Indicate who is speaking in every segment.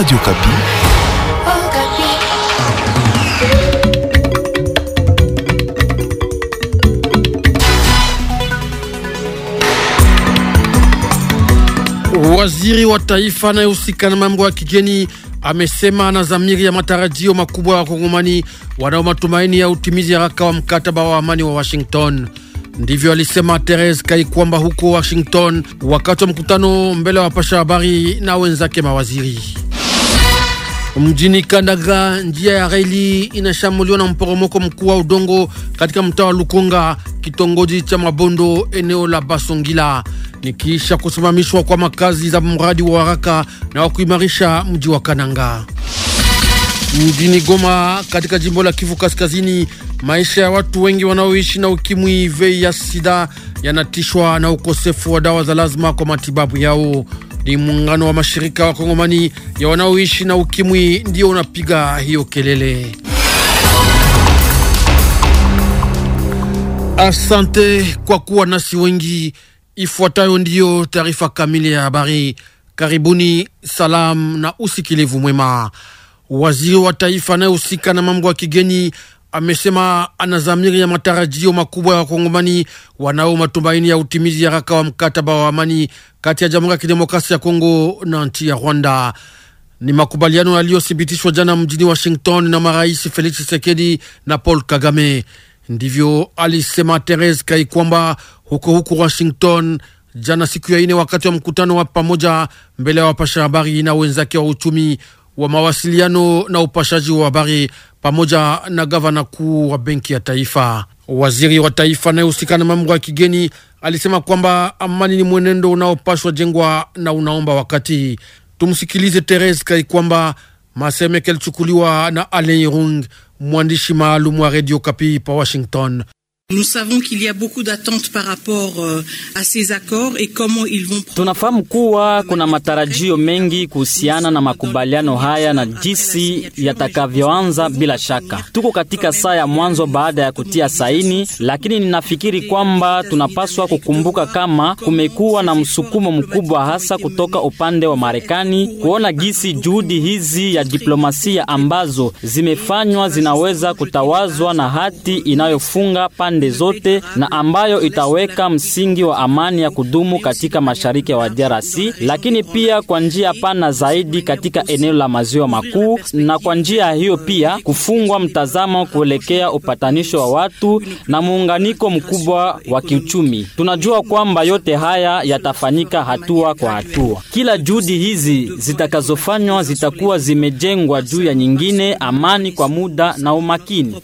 Speaker 1: Radio Kapi. Oh, Kapi.
Speaker 2: Waziri wa taifa anayehusika na mambo ya kigeni amesema na dhamiri ya matarajio makubwa ya wakongomani wanao matumaini ya utimizi haraka wa mkataba wa amani wa Washington. Ndivyo alisema Therese Kaikwamba huko Washington wakati wa mkutano mbele ya wapasha habari na wenzake mawaziri. Mjini Kandaga, njia ya reli inashambuliwa na mporomoko mkuu wa udongo katika mtaa wa Lukunga, kitongoji cha Mabondo, eneo la Basongila, nikiisha kusimamishwa kwa makazi za mradi wa haraka na wa kuimarisha mji wa Kananga. Mjini Goma, katika jimbo la Kivu Kaskazini, maisha ya watu wengi wanaoishi na ukimwi, vei ya sida, yanatishwa na ukosefu wa dawa za lazima kwa matibabu yao. Ni muungano wa mashirika wa Kongomani ya wanaoishi na ukimwi ndio unapiga hiyo kelele. Asante kwa kuwa nasi wengi. Ifuatayo ndiyo taarifa kamili ya habari. Karibuni, salamu na usikilivu mwema. Waziri wa taifa anayehusika na mambo ya kigeni amesema ana dhamiri ya matarajio makubwa ya wakongomani wanao matumaini ya utimizi haraka wa mkataba wa amani kati ya Jamhuri ya Kidemokrasia ya Kongo na nchi ya Rwanda. Ni makubaliano yaliyothibitishwa jana mjini Washington na marais Felix Tshisekedi na Paul Kagame. Ndivyo alisema Therese Kaikwamba huko huko Washington jana siku ya ine, wakati wa mkutano wa pamoja mbele ya wapasha habari na wenzake wa uchumi wa mawasiliano na upashaji wa habari pamoja na gavana kuu wa benki ya taifa. Waziri wa taifa anayehusika na mambo ya kigeni alisema kwamba amani ni mwenendo unaopashwa jengwa na unaomba wakati. Tumsikilize Therese kwamba Masemeke alichukuliwa na Alain rung mwandishi maalum wa Radio Kapi pa Washington. Nous savons qu'il y a beaucoup d'attentes par rapport
Speaker 3: euh, à ces accords et comment ils vont
Speaker 4: Tunafahamu kuwa kuna matarajio mengi kuhusiana na makubaliano haya na jinsi yatakavyoanza. Bila shaka tuko katika saa ya mwanzo baada ya kutia saini, lakini ninafikiri kwamba tunapaswa kukumbuka kama kumekuwa na msukumo mkubwa, hasa kutoka upande wa Marekani, kuona jinsi juhudi hizi ya diplomasia ambazo zimefanywa zinaweza kutawazwa na hati inayofunga pande pande zote na ambayo itaweka msingi wa amani ya kudumu katika mashariki wa DRC, lakini pia kwa njia pana zaidi katika eneo la maziwa makuu, na kwa njia hiyo pia kufungwa mtazamo kuelekea upatanisho wa watu na muunganiko mkubwa wa kiuchumi. Tunajua kwamba yote haya yatafanyika hatua kwa hatua. Kila juhudi hizi zitakazofanywa zitakuwa zimejengwa juu ya nyingine, amani kwa muda na
Speaker 2: umakini.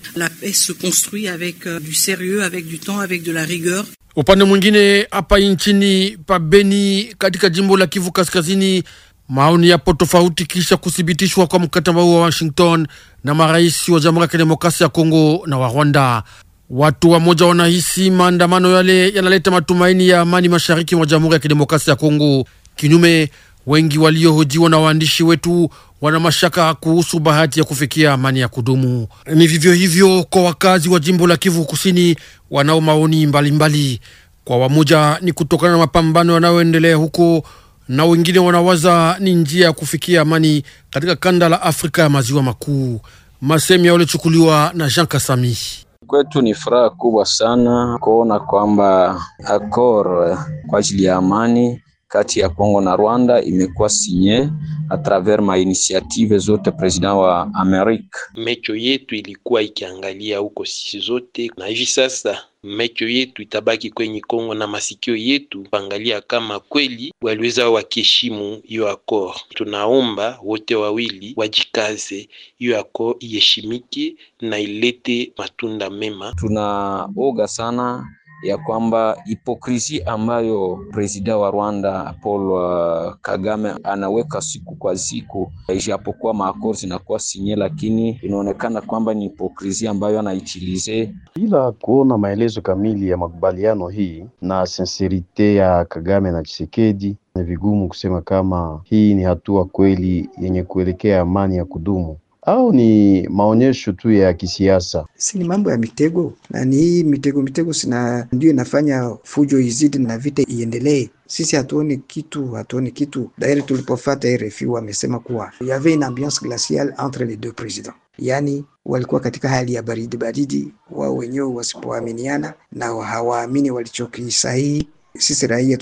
Speaker 2: Euh, sérieux, avec du temps, avec de la rigueur. Upande mwingine hapa nchini pa Beni katika jimbo la Kivu Kaskazini, maoni yapo tofauti kisha kuthibitishwa kwa mkataba huo wa Washington na marais wa Jamhuri ya Kidemokrasia ya Kongo na wa Rwanda. Watu wamoja wanahisi maandamano yale yanaleta matumaini ya amani mashariki mwa Jamhuri ya Kidemokrasia ya Kongo. Kinyume, wengi waliohojiwa na waandishi wetu wana mashaka kuhusu bahati ya kufikia amani ya kudumu. Ni vivyo hivyo kwa wakazi wa jimbo la Kivu Kusini wanao maoni mbalimbali. Kwa wamoja ni kutokana na mapambano yanayoendelea huko, na wengine wanawaza ni njia ya kufikia amani katika kanda la Afrika ya maziwa makuu. Masemi yaliyochukuliwa na Jean Kasami.
Speaker 5: Kwetu ni furaha kubwa sana kuona kwamba akor kwa ajili ya amani kati ya Kongo na Rwanda imekuwa sinye a travers mainitiative zote president wa Amerika.
Speaker 2: Mecho yetu ilikuwa ikiangalia huko sisi zote, na hivi sasa mecho yetu itabaki kwenye Kongo na masikio yetu pangalia kama kweli waliweza wakiheshimu hiyo accord. Tunaomba wote wawili wajikaze, hiyo akor iheshimike na ilete matunda mema.
Speaker 5: Tunaoga sana ya kwamba hipokrisi ambayo presida wa Rwanda Paul uh, Kagame anaweka siku kwa siku, ijapokuwa maakori zinakuwa sinye, lakini inaonekana kwamba ni hipokrisi
Speaker 2: ambayo anaitilize bila kuona maelezo kamili ya makubaliano hii
Speaker 1: na sincerite ya Kagame na chisekedi Ni vigumu kusema kama hii ni hatua kweli yenye kuelekea amani ya kudumu au ni maonyesho tu ya kisiasa?
Speaker 6: Si ni mambo ya mitego, na ni hii mitego mitego sina ndio inafanya fujo izidi na vita iendelee. Sisi hatuoni kitu, hatuoni kitu. Daire tulipofuata RFI wamesema kuwa yave une ambiance glaciale entre les deux presidents, yaani walikuwa katika hali ya baridi baridi, wao wenyewe wasipoaminiana na hawaamini walichokisahihi, sisi raia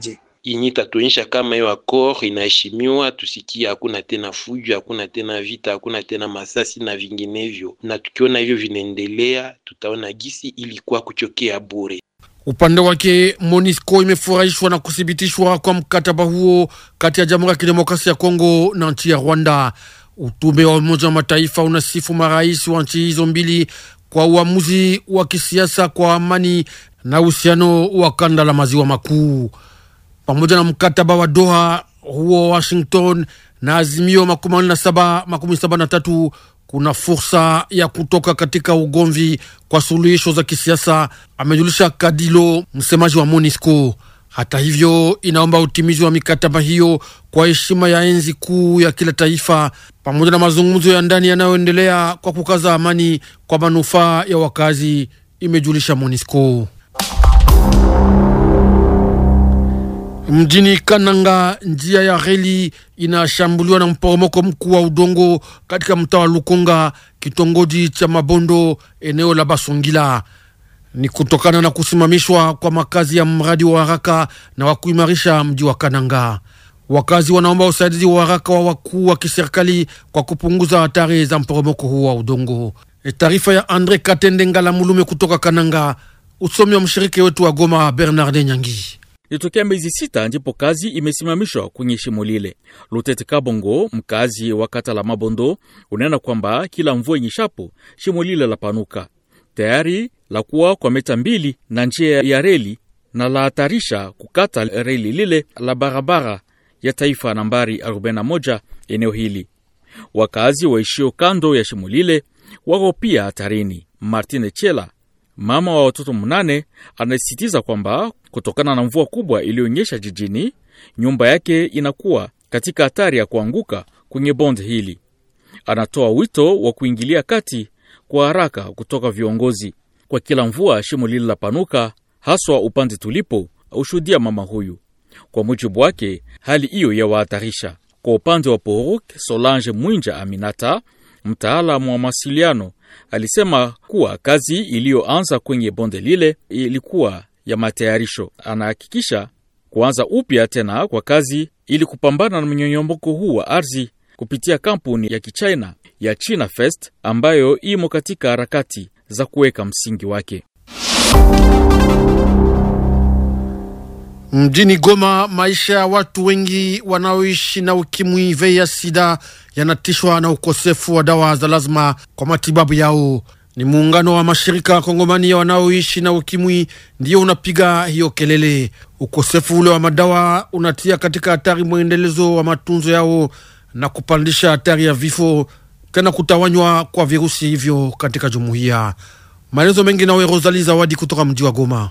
Speaker 6: je?
Speaker 2: yenye itatuonyesha kama hiyo accord inaheshimiwa, tusikie hakuna tena fujo, hakuna tena vita, hakuna tena masasi na vinginevyo. Na tukiona hivyo vinaendelea, tutaona gisi ilikuwa kuchokea bure. Upande wake MONISCO imefurahishwa na kuthibitishwa kwa mkataba huo kati ya Jamhuri ya Kidemokrasia ya Kongo na nchi ya Rwanda. Utume wa Umoja wa Mataifa unasifu marais wa nchi hizo mbili kwa uamuzi wa kisiasa kwa amani na uhusiano wa kanda la maziwa makuu pamoja na mkataba wa Doha huo Washington na azimio makumi na saba makumi saba na tatu kuna fursa ya kutoka katika ugomvi kwa suluhisho za kisiasa, amejulisha Kadilo, msemaji wa MONUSCO. Hata hivyo, inaomba utimizi wa mikataba hiyo kwa heshima ya enzi kuu ya kila taifa, pamoja na mazungumzo ya ndani yanayoendelea kwa kukaza amani kwa manufaa ya wakazi, imejulisha MONUSCO. Mjini Kananga njia ya reli inashambuliwa na mporomoko mkuu wa udongo katika mtaa wa Lukonga, kitongoji cha Mabondo, eneo la Basongila. Ni kutokana na kusimamishwa kwa makazi ya mradi wa haraka na wa kuimarisha mji wa Kananga. Wakazi wanaomba usaidizi wa haraka wa wakuu wa kiserikali kwa kupunguza hatari za mporomoko huu wa udongo. E, taarifa ya Andre Katende Ngala Mulume kutoka Kananga, usomi wa mshiriki wetu wa Goma bernard Nyangi.
Speaker 5: Ilitokea miezi sita ndipo kazi imesimamishwa kwenye shimo lile. Lutete Kabongo, mkazi wa kata la Mabondo, unena kwamba kila mvua inyeshapo shimo lile la panuka tayari la kuwa kwa meta mbili na njia ya reli na lahatarisha kukata reli lile la barabara ya taifa nambari 41 eneo hili. Wakazi waishio kando ya shimo lile wako pia hatarini. Martine Chela mama wa watoto mnane, anasisitiza kwamba kutokana na mvua kubwa iliyonyesha jijini, nyumba yake inakuwa katika hatari ya kuanguka kwenye bonde hili. Anatoa wito wa kuingilia kati kwa haraka kutoka viongozi. Kwa kila mvua, shimo lile haswa upande tulipo aushuhudia mama huyu. Kwa mujibu wake, hali hiyo yawahatarisha. Kwa upande wa poruk Solange Mwinja Aminata, mtaalamu wa mawasiliano Alisema kuwa kazi iliyoanza kwenye bonde lile ilikuwa ya matayarisho. Anahakikisha kuanza upya tena kwa kazi ili kupambana na mnyonyomoko huu wa ardhi kupitia kampuni ya kichina ya China First ambayo imo katika harakati za kuweka msingi wake.
Speaker 2: Mjini Goma, maisha ya watu wengi wanaoishi na ukimwi ya sida yanatishwa na ukosefu wa dawa za lazima kwa matibabu yao. Ni muungano wa mashirika kongomani ya wanaoishi na ukimwi ndiyo unapiga hiyo kelele. Ukosefu ule wa madawa unatia katika hatari mwendelezo wa matunzo yao na kupandisha hatari ya vifo, tena kutawanywa kwa virusi hivyo katika jumuiya. Maelezo mengi nawe Rosali Zawadi kutoka mji wa Goma.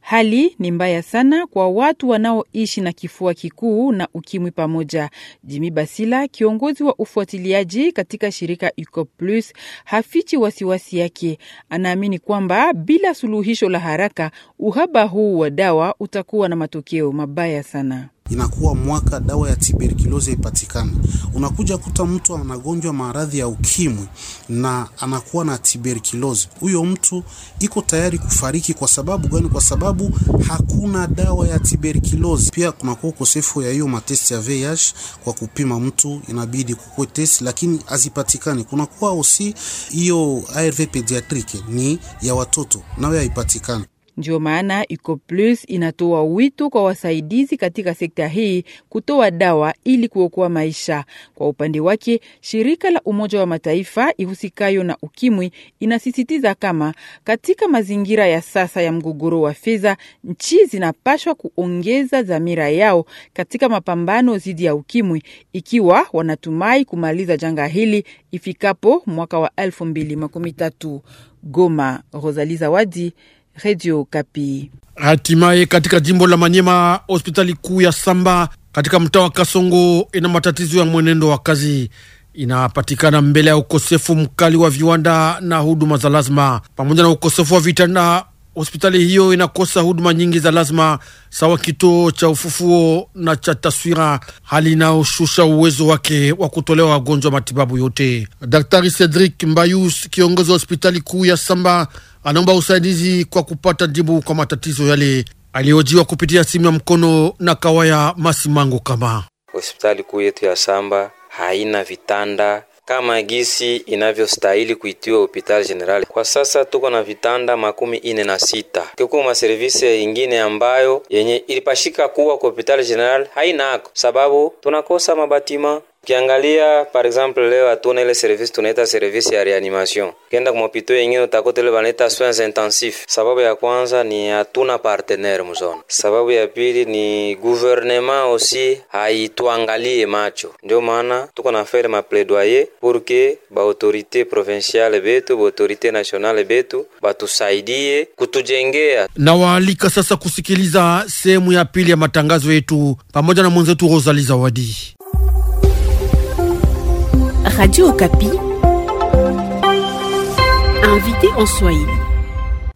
Speaker 3: Hali ni mbaya sana kwa watu wanaoishi na kifua kikuu na ukimwi pamoja. Jimi Basila, kiongozi wa ufuatiliaji katika shirika Uco Plus, hafichi wasiwasi yake. Anaamini kwamba bila suluhisho la haraka, uhaba huu wa dawa utakuwa na matokeo mabaya sana
Speaker 1: inakuwa mwaka dawa ya tuberculosis ipatikana. Unakuja kuta mtu anagonjwa maradhi ya ukimwi na anakuwa na tuberculosis, huyo mtu iko tayari kufariki. Kwa sababu gani? Kwa sababu hakuna dawa ya tuberculosis. Pia kunakuwa ukosefu ya hiyo matesti ya VIH kwa kupima mtu, inabidi kukuwe test, lakini hazipatikani. Kunakuwa osi hiyo ARV pediatric ni ya watoto, nayo haipatikani
Speaker 3: ndio maana Plus inatoa wito kwa wasaidizi katika sekta hii kutoa dawa ili kuokoa maisha. Kwa upande wake, shirika la Umoja wa Mataifa ihusikayo na ukimwi inasisitiza kama katika mazingira ya sasa ya mgogoro wa fedha, nchi zinapashwa kuongeza dhamira yao katika mapambano dhidi ya ukimwi ikiwa wanatumai kumaliza janga hili ifikapo mwaka wa 2030. Goma, rosali Zawadi, Radio Kapi.
Speaker 2: Hatimaye katika jimbo la Manyema, hospitali kuu ya Samba katika mtaa wa Kasongo ina matatizo ya mwenendo wa kazi inapatikana mbele ya ukosefu mkali wa viwanda na huduma za lazima. Pamoja na ukosefu wa vitanda, hospitali hiyo inakosa huduma nyingi za lazima sawa kituo cha ufufuo na cha taswira, hali inayoshusha uwezo wake wa kutolewa wagonjwa matibabu yote. Daktari Cedric Mbayus, kiongozi wa hospitali kuu ya Samba, anaomba usaidizi kwa kupata jibu kwa matatizo yale aliyojiwa kupitia simu ya mkono na Kawaya Masimango. Kama
Speaker 6: hospitali kuu yetu ya Samba haina vitanda kama gisi inavyostahili kuitiwa hospitali general. Kwa sasa tuko na vitanda makumi ine na sita kikuwa maservisi ingine ambayo yenye ilipashika kuwa kwa hospitali general hainako, sababu tunakosa mabatima Ukiangalia par exemple leo hatuna ile service tunaita service ya reanimation. Ukienda kwa mopito yengine utakuta ile wanaita soins intensif. Sababu ya kwanza ni hatuna partenaire mzona. Sababu ya pili ni gouvernement aussi haituangalie macho, ndio maana tuko na faire ma plaidoyer pour que ba autorité provinciale betu ba autorité nationale betu batusaidie kutujengea.
Speaker 2: Na sasa kusikiliza sehemu ya pili ya matangazo yetu pamoja na mwenzetu Rosalie Zawadi.
Speaker 3: Radio Okapi, invité en Swahili.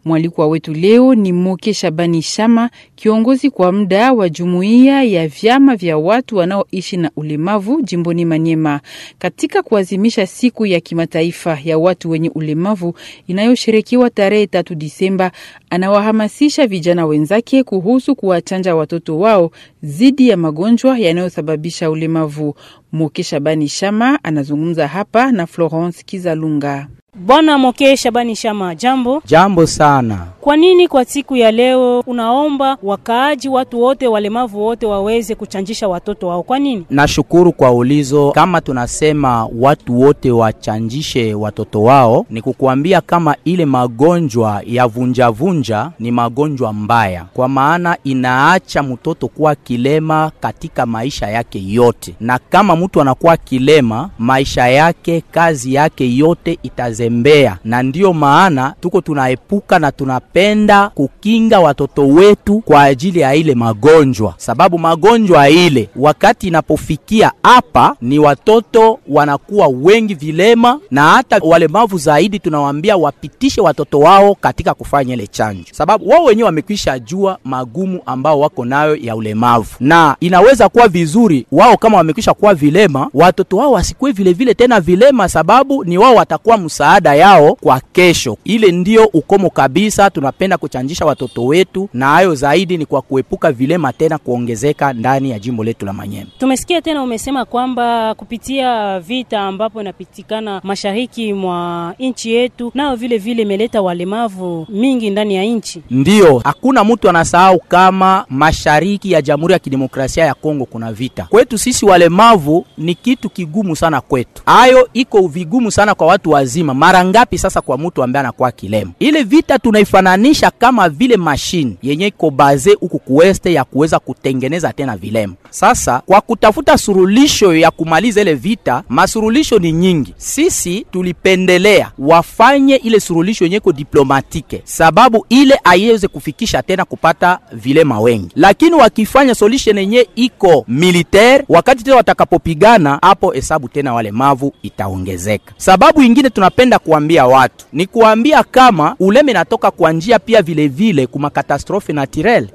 Speaker 3: Mwalikwa wetu leo ni Moke Shabani Shama, kiongozi kwa muda wa jumuiya ya vyama vya watu wanaoishi na ulemavu jimboni Manyema, katika kuazimisha siku ya kimataifa ya watu wenye ulemavu inayosherekiwa tarehe tatu Disemba. Anawahamasisha vijana wenzake kuhusu kuwachanja watoto wao dhidi ya magonjwa yanayosababisha ulemavu.
Speaker 6: Moke Shabani Shama anazungumza hapa na Florence Kizalunga. Bwana Mokesha Bani Shama, jambo
Speaker 4: jambo sana.
Speaker 6: Kwa nini kwa siku ya leo unaomba wakaaji, watu wote, walemavu wote waweze kuchanjisha watoto wao? Kwa nini?
Speaker 4: Nashukuru kwa ulizo. Kama tunasema watu wote wachanjishe watoto wao, ni kukuambia kama ile magonjwa ya vunjavunja ni magonjwa mbaya, kwa maana inaacha mtoto kuwa kilema katika maisha yake yote, na kama mtu anakuwa kilema, maisha yake, kazi yake yote itaze kuzembea, na ndiyo maana tuko tunaepuka na tunapenda kukinga watoto wetu kwa ajili ya ile magonjwa, sababu magonjwa ile wakati inapofikia hapa, ni watoto wanakuwa wengi vilema, na hata walemavu zaidi tunawaambia wapitishe watoto wao katika kufanya ile chanjo, sababu wao wenyewe wamekwisha jua magumu ambao wako nayo ya ulemavu, na inaweza kuwa vizuri wao kama wamekwisha kuwa vilema, watoto wao wasikuwe vilevile tena vilema, sababu ni wao watakuwa msaada baada yao kwa kesho. Ile ndio ukomo kabisa, tunapenda kuchanjisha watoto wetu, na hayo zaidi ni kwa kuepuka vilema tena kuongezeka ndani ya jimbo letu la Manyema.
Speaker 6: Tumesikia tena umesema kwamba kupitia vita ambapo inapitikana mashariki mwa nchi yetu, nao vile vile imeleta walemavu mingi ndani ya nchi.
Speaker 4: Ndiyo, hakuna mtu anasahau kama mashariki ya Jamhuri ya Kidemokrasia ya Kongo kuna vita. Kwetu sisi walemavu ni kitu kigumu sana kwetu, hayo iko vigumu sana kwa watu wazima mara ngapi sasa kwa mtu ambaye anakuwa kilema? Ile vita tunaifananisha kama vile mashine yenye iko baze huku kuweste ya kuweza kutengeneza tena vilema. Sasa kwa kutafuta surulisho ya kumaliza ile vita, masurulisho ni nyingi. Sisi tulipendelea wafanye ile surulisho yenye iko diplomatike, sababu ile aiweze kufikisha tena kupata vilema wengi, lakini wakifanya solution yenye iko militaire, wakati tena watakapopigana hapo, hesabu tena wale mavu itaongezeka. Sababu ingine tunapenda napenda kuambia watu ni kuambia kama uleme natoka kwa njia pia vilevile kuma katastrofe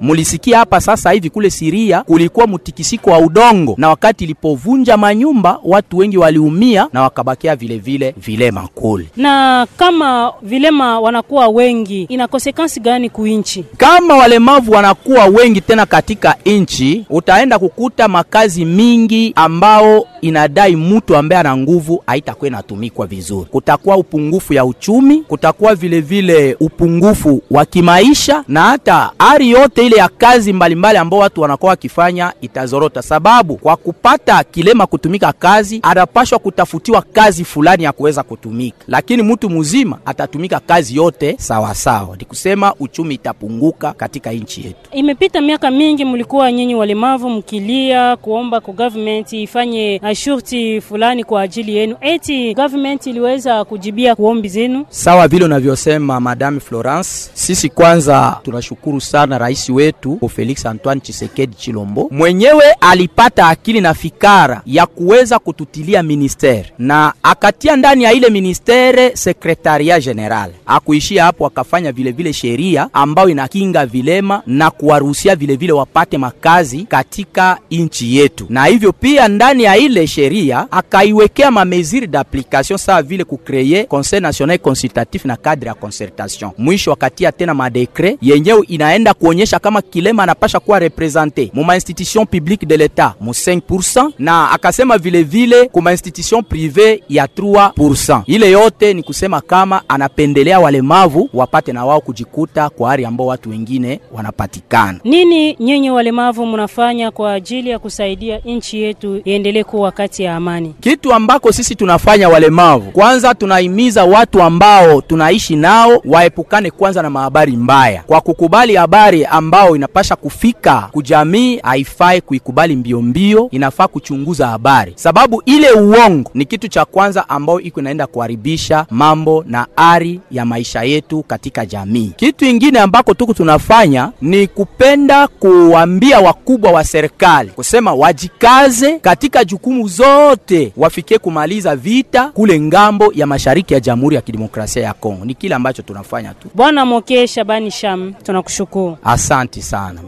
Speaker 4: Mulisikia hapa sasa hivi kule Siria kulikuwa mtikisiko wa udongo, na wakati ilipovunja manyumba watu wengi waliumia na wakabakia vilevile vilema kule.
Speaker 6: Na kama vilema wanakuwa wengi, ina konsekansi gani kuinchi?
Speaker 4: Kama walemavu wanakuwa wengi tena katika inchi, utaenda kukuta makazi mingi ambao inadai mtu ambaye ana nguvu haitakuwa inatumikwa vizuri, kutakuwa pungufu ya uchumi, kutakuwa vilevile vile upungufu wa kimaisha, na hata ari yote ile ya kazi mbalimbali ambao watu wanakuwa wakifanya itazorota, sababu kwa kupata kilema kutumika kazi anapashwa kutafutiwa kazi fulani ya kuweza kutumika, lakini mtu mzima atatumika kazi yote sawasawa. Ni kusema uchumi itapunguka katika nchi yetu.
Speaker 6: Imepita miaka mingi, mlikuwa nyinyi walemavu mkilia kuomba kwa government ifanye shurti fulani kwa ajili yenu, eti government iliweza kuji kujibia kuombi zenu.
Speaker 1: Sawa
Speaker 4: vile unavyosema Madame Florence, sisi kwanza tunashukuru sana rais wetu Felix Antoine Chisekedi Chilombo mwenyewe alipata akili na fikara ya kuweza kututilia ministere na akatia ndani ya ile ministere sekretaria general. Akuishia hapo, akafanya vilevile sheria ambayo inakinga vilema na kuwaruhusia vilevile wapate makazi katika nchi yetu, na hivyo pia ndani ya ile sheria akaiwekea mameziri d'application saa vile kukreye Conseil National Consultatif na cadre ya concertation. Mwisho wakati ya tena madekre yenyewe inaenda kuonyesha kama Kilema anapasha kuwa represente mu institution publique de l'etat mu 5%, na akasema vilevile ku institution privée ya 3%. Ile yote ni kusema kama anapendelea walemavu wapate na wao kujikuta kwa hali ambao watu wengine wanapatikana.
Speaker 6: Nini nyinyi walemavu mnafanya kwa ajili ya kusaidia nchi yetu iendelee kuwa kati ya amani?
Speaker 4: Kitu ambako sisi tunafanya walemavu, kwanza tuna kuwahimiza watu ambao tunaishi nao waepukane kwanza na mahabari mbaya. Kwa kukubali habari ambao inapasha kufika kujamii, haifai kuikubali mbio mbio, inafaa kuchunguza habari, sababu ile uongo ni kitu cha kwanza ambao iko inaenda kuharibisha mambo na ari ya maisha yetu katika jamii. Kitu ingine ambako tuko tunafanya ni kupenda kuambia wakubwa wa serikali kusema wajikaze katika jukumu zote, wafikie kumaliza vita kule ngambo ya mashariki mashariki ya Jamhuri ya Kidemokrasia ya Kongo. Ni kile ambacho tunafanya tu.
Speaker 6: Bwana mokesha Bani Sham, tunakushukuru.
Speaker 4: Asante sana.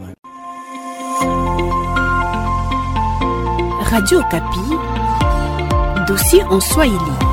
Speaker 6: Radio Kapi,
Speaker 3: dossier en Swahili.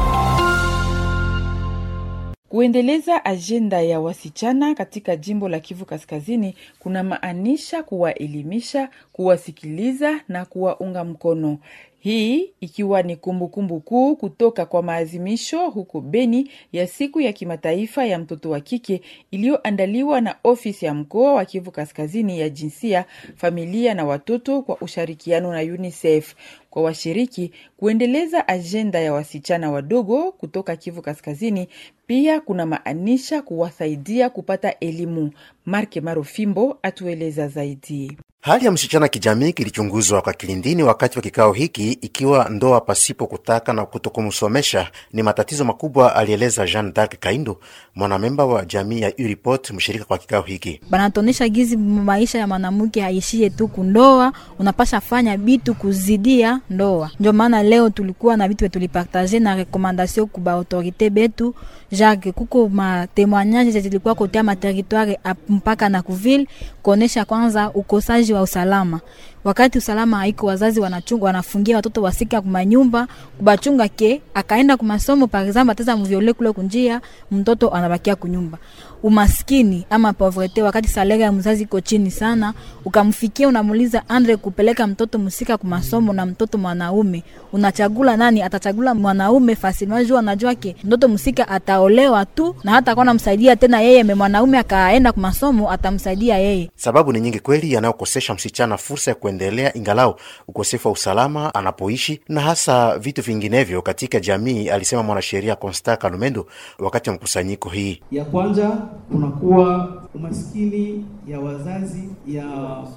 Speaker 3: Kuendeleza ajenda ya wasichana katika jimbo la Kivu Kaskazini kuna maanisha kuwaelimisha, kuwasikiliza na kuwaunga mkono. Hii ikiwa ni kumbukumbu kuu kutoka kwa maazimisho huko Beni ya siku ya kimataifa ya mtoto wa kike iliyoandaliwa na ofisi ya mkoa wa Kivu Kaskazini ya jinsia, familia na watoto kwa ushirikiano na UNICEF kwa washiriki kuendeleza ajenda ya wasichana wadogo kutoka Kivu Kaskazini pia kuna maanisha kuwasaidia kupata elimu. Marke Marofimbo atueleza zaidi.
Speaker 1: Hali ya msichana kijamii kilichunguzwa kwa kilindini wakati wa kikao hiki, ikiwa ndoa pasipo kutaka na kutokumsomesha ni matatizo makubwa, alieleza Jean Dark Kaindo, mwanamemba wa jamii ya Uripot, mshirika kwa kikao hiki.
Speaker 3: Banatonesha gizi maisha ya mwanamke aishie tu kundoa, unapasha fanya bitu kuzidia ndoa. Ndio maana leo tulikuwa na bitu tulipartaje na rekomandasio kuba autorite betu Jacques, kuko matemoignage zilikuwa ma materitware mpaka na kuville kuonesha kwanza ukosaji wa usalama wakati usalama haiko, wazazi wanachunga, wanafungia watoto wasika kumanyumba kubachunga ke akaenda kumasomo par exemple, ateza mviole kule kunjia, mtoto anabakia kunyumba. Umaskini ama povrete, wakati salari ya mzazi iko chini sana, ukamfikia unamuliza Andre, kupeleka mtoto musika msika masomo na mtoto mwanaume, unachagula nani? Atachagula mwanaume fasilmaju, anajua ke mtoto musika ataolewa tu, na hata kwa namsaidia tena yeye mwanaume akaenda masomo atamsaidia yeye.
Speaker 1: Sababu ni nyingi kweli yanayokosesha msichana fursa ya kuendelea, ingalau ukosefu wa usalama anapoishi na hasa vitu vinginevyo katika jamii, alisema mwanasheria konsta Kalumendo wakati wa mkusanyiko hii.
Speaker 4: Ya kwanza kunakuwa umaskini ya wazazi ya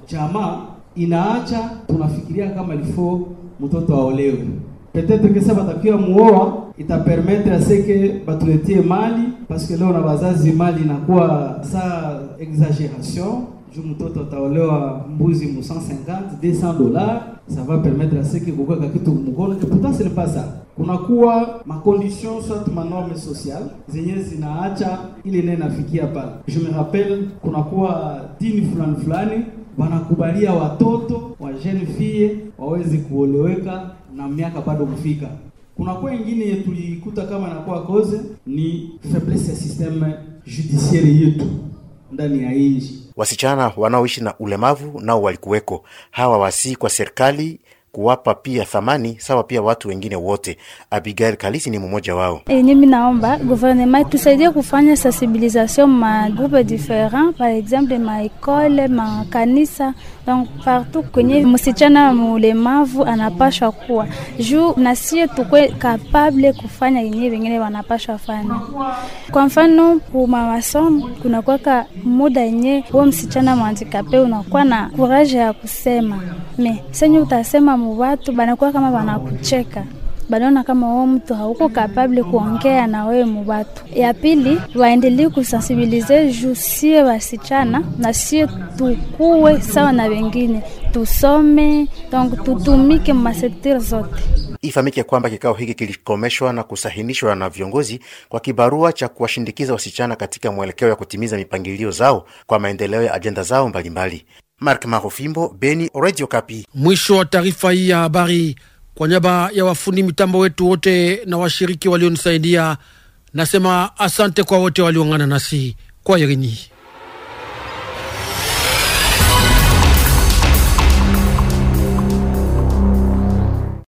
Speaker 4: jamaa inaacha tunafikiria kama lifo mtoto aolewe petetre kesa batakiwa muoa itapermetre aseke batuletie mali paske leo na bazazi mali inakuwa sa exageration juu mtoto ataolewa mbuzi mu 150 200 dollars ça va permettre à ceux qui kukweka kitu mkono et pourtant c'est pas ça kunakuwa makondition soit manorme sociale zenye zinaacha ile nene nafikia pale je me rappelle kunakuwa dini fulani fulani wanakubalia watoto wa jeune fille wawezi kuoleweka na miaka bado kufika kunakuwa ingine tulikuta kama nakuwa koze ni faiblesse ya systeme judiciaire yetu
Speaker 1: ndani ya inji Wasichana wanaoishi na ulemavu nao walikuweko. Hawa wasii kwa serikali kuwapa pia thamani sawa pia watu wengine wote. Abigail Kalisi ni mmoja wao.
Speaker 6: E, mimi naomba gouvernement itusaidie kufanya sensibilisation ma groupe different par exemple ma ekole ma kanisa donc partout kwenye msichana mulemavu anapashwa kuwa juu na sie tukwe kapable kufanya yenyewe wengine wanapashwa fanya. Kwa mfano kuma masomo kunakwaka muda yenye huo msichana mwandikape unakuwa na kuraje ya kusema me senye utasema mu watu banakuwa kama wanakucheka banaona kama huo mtu hauko kapable kuongea na wewe mubatu. Ya pili, waendelee kusensibilize juu sie wasichana na sie tukuwe sawa na wengine, tusome donc tutumike masekta zote.
Speaker 1: Ifahamike kwamba kikao hiki kilikomeshwa na kusahinishwa na viongozi kwa kibarua cha kuwashindikiza wasichana katika mwelekeo ya kutimiza mipangilio zao kwa maendeleo ya ajenda zao mbalimbali mbali. Mark Marofimbo, Beni, Radio Kapi.
Speaker 2: Mwisho wa taarifa hii ya habari. Kwa niaba ya wafundi mitambo wetu wote na washiriki walionisaidia, nasema asante kwa wote walioungana nasi kwa Irini.